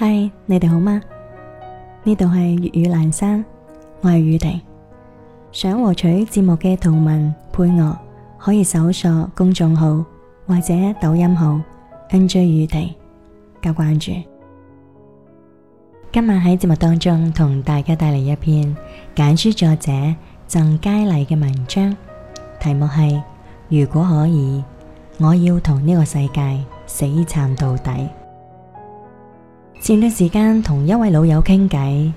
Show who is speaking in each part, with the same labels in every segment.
Speaker 1: 嗨，你哋好嗎？呢度係粵語闌珊，我係宇婷。想獲取節目嘅圖文配樂，可以搜索公眾號或者抖音號 NJ 宇婷加關注。今晚喺節目當中同大家帶嚟一篇簡書作者贈佳人嘅文章，題目係如果可以，我要同呢個世界死磕到底。前段時間同一位老友傾偈，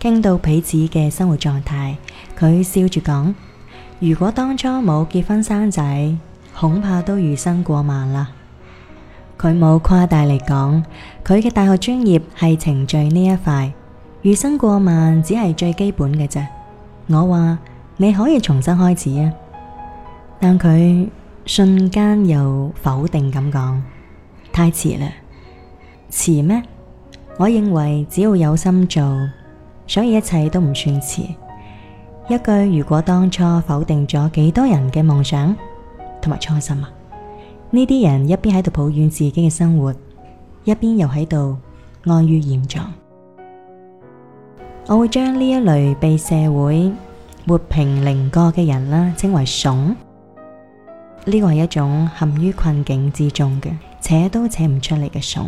Speaker 1: 傾到彼此嘅生活狀態，佢笑住講：如果當初冇結婚生仔，恐怕都月薪過萬啦。佢冇誇大嚟講，佢嘅大學專業係程序呢一塊，月薪過萬只係最基本嘅啫。我話你可以重新開始啊，但佢瞬間又否定咁講：太遲啦，遲咩？我認為只要有心做，所以一切都唔算遲。一句如果當初否定咗幾多人嘅夢想同埋初心啊，呢啲人一邊喺度抱怨自己嘅生活，一邊又喺度安於現狀。我會將呢一類被社會抹平稜角嘅人啦，稱為慫。呢個係一種陷於困境之中嘅，扯都扯唔出嚟嘅慫。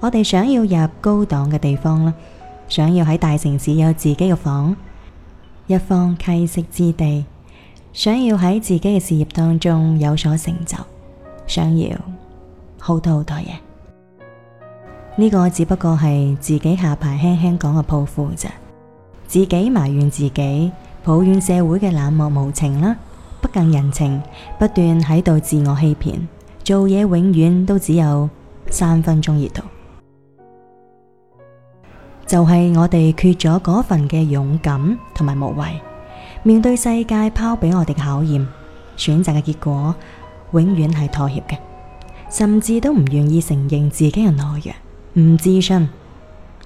Speaker 1: 我哋想要入高檔嘅地方啦，想要喺大城市有自己嘅房，一方棲息之地；想要喺自己嘅事業當中有所成就，想要好多好多嘢。呢個只不過係自己下排輕輕講嘅抱負咋。自己埋怨自己，抱怨社會嘅冷漠無情啦，不近人情，不斷喺度自我欺騙，做嘢永遠都只有三分鐘熱度。就係我哋缺咗嗰份嘅勇敢同埋無畏，面對世界拋俾我哋嘅考驗，選擇嘅結果永遠係妥協嘅，甚至都唔願意承認自己嘅懦弱、唔自信、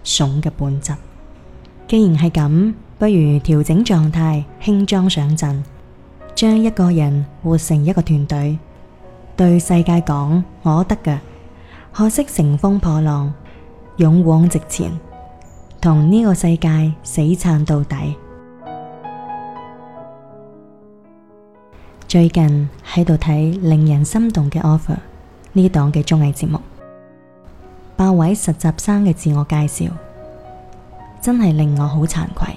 Speaker 1: 慫嘅本質。既然係咁，不如調整狀態，輕裝上陣，將一個人活成一個團隊，對世界講我得嘅，學識乘風破浪，勇往直前。同呢個世界死磕到底。最近喺度睇令人心動嘅 offer 呢檔嘅綜藝節目，八位實習生嘅自我介紹真係令我好慚愧。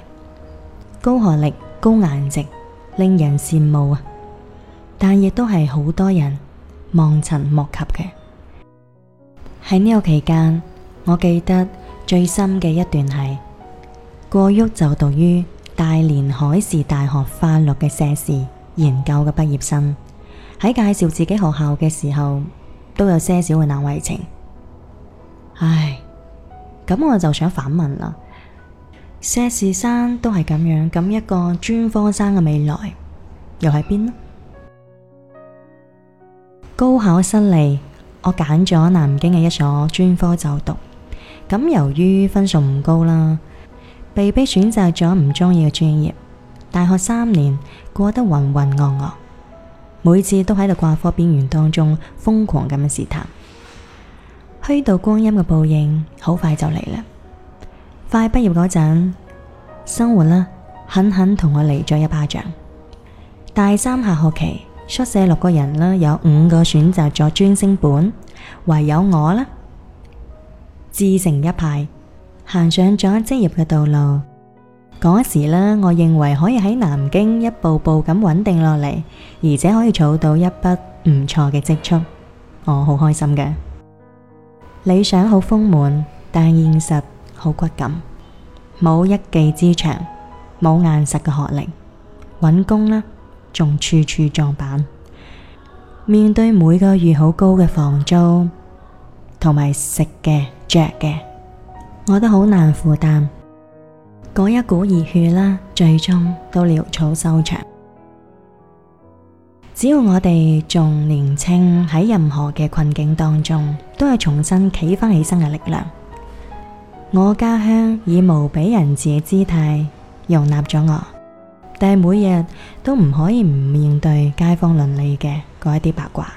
Speaker 1: 高學歷、高顏值，令人羨慕啊！但亦都係好多人望塵莫及嘅。喺呢個期間，我記得，最深嘅一段係，郭旭就讀於大連海事大學法律嘅碩士研究嘅畢業生，喺介紹自己學校嘅時候都有些少嘅難為情。唉，咁我就想反問啦，碩士生都係咁樣，咁一個專科生嘅未來又喺邊呢？高考失利，我揀咗南京嘅一所專科就讀。咁由於分數唔高啦，被迫選擇咗唔中意嘅專業，大學三年過得渾渾噩噩，每次都喺度掛科邊緣當中瘋狂咁樣試探，虛度光陰嘅報應好快就嚟啦。快畢業嗰陣，生活啦狠狠同我嚟咗一巴掌。大三下學期，宿舍六個人啦，有五個選擇咗專升本，唯有我啦。自成一派，行上咗職業嘅道路。嗰時呢，我認為可以喺南京一步步咁穩定落嚟，而且可以儲到一筆唔錯嘅積蓄，我好開心嘅。理想好豐滿，但係現實好骨感。冇一技之長，冇硬實嘅學歷，揾工呢，仲處處撞板。面對每個月好高嘅房租，同埋食嘅、着嘅，我都好難負擔。嗰一股熱血啦，最終都潦草收場。只要我哋仲年輕，喺任何嘅困境當中，都係重新企翻起身嘅力量。我家鄉以無比仁慈嘅姿態容納咗我，但係每日都唔可以唔面對街坊鄰里嘅嗰啲八卦。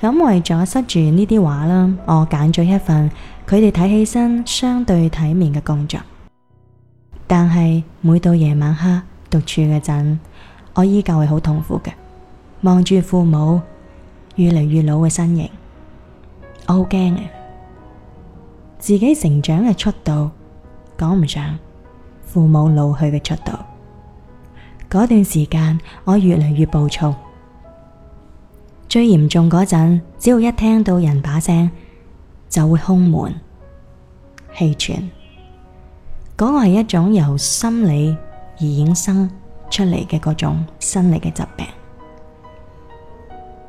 Speaker 1: 咁為咗塞住呢啲話啦，我揀咗一份佢哋睇起身相對體面嘅工作。但係每到夜晚黑獨處嘅陣，我依舊係好痛苦嘅，望住父母越嚟越老嘅身形，我好驚呀。自己成長嘅速度趕唔上父母老去嘅速度。嗰段時間我越嚟越暴躁。最嚴重嗰陣，只要一聽到人把聲，就會胸悶氣喘。嗰個係一種由心理而衍生出嚟嘅嗰種生理嘅疾病。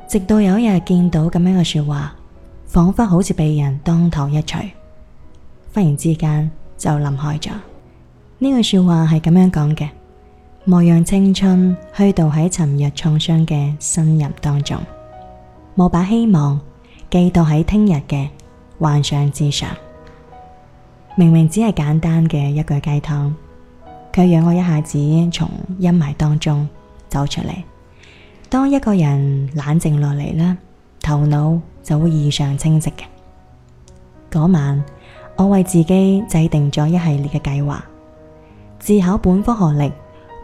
Speaker 1: 直到有一日見到咁樣嘅說話，仿佛好似被人當頭一錘，忽然之間就冧開咗。呢句說話係咁樣講嘅：莫讓青春虛度喺尋日創傷嘅呻吟當中。冇把希望寄託喺聽日嘅幻想之上，明明只係簡單嘅一句雞湯，卻讓我一下子從陰霾當中走出嚟。當一個人冷靜落嚟啦，頭腦就會異常清晰嘅。嗰晚，我為自己制定咗一系列嘅計劃：自考本科學歷、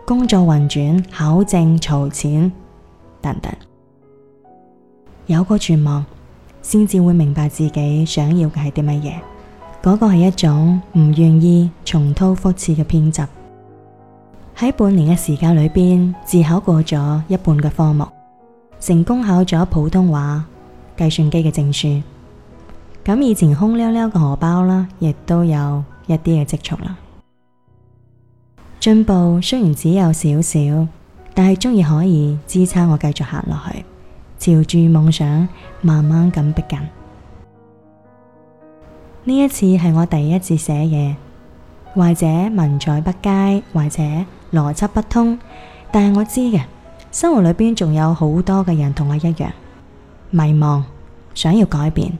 Speaker 1: 工作運轉、考證、儲錢等等。有過絕望，先至會明白自己想要嘅係啲乜嘢。嗰個係一種唔願意重蹈覆轍嘅偏執。喺半年嘅時間裏邊，自考過咗一半嘅科目，成功考咗普通話、計算機嘅證書。咁以前空溜溜嘅荷包啦，亦都有一啲嘅積蓄啦。進步雖然只有少少，但係終於可以支撐我繼續行落去。朝住夢想，慢慢咁逼近。呢一次係我第一次寫嘢，或者文采不佳，或者邏輯不通，但係我知嘅，生活裏邊仲有好多嘅人同我一樣，迷茫，想要改變，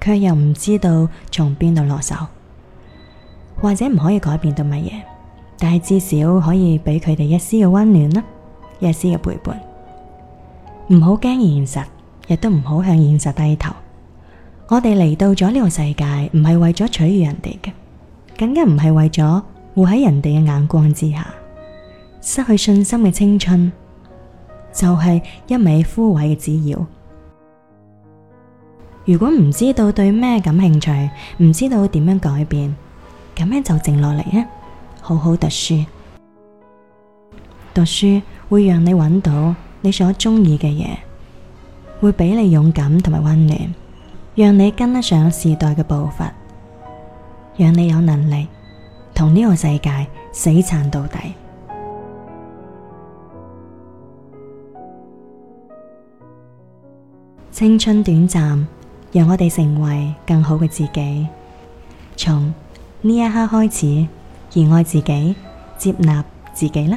Speaker 1: 卻又唔知道從邊度落手，或者唔可以改變到乜嘢，但係至少可以俾佢哋一絲嘅溫暖啦，一絲嘅陪伴。唔好驚現實，亦都唔好向現實低頭。我哋嚟到咗呢個世界，唔係為咗取悅人哋嘅，更加唔係為咗活喺人哋嘅眼光之下。失去信心嘅青春，就係、是、一味一尾枯萎嘅紙鳶。如果唔知道對咩感興趣，唔知道點樣改變，咁樣就靜落嚟啊！好好讀書，讀書會讓你搵到。你所中意嘅嘢，會俾你勇敢同埋溫暖，讓你跟得上時代嘅步伐，讓你有能力同呢個世界死磕到底。 青春短暫，讓我哋成為更好嘅自己。從呢一刻開始，熱愛自己，接納自己啦。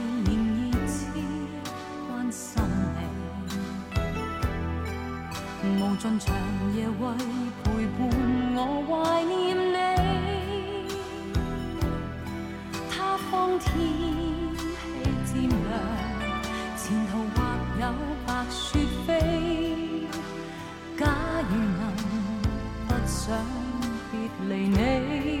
Speaker 2: 盡長夜為陪伴我懷念你，他方天氣漸涼，前途或有白雪飛。假如能不想別離你。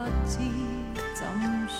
Speaker 2: 不知怎說。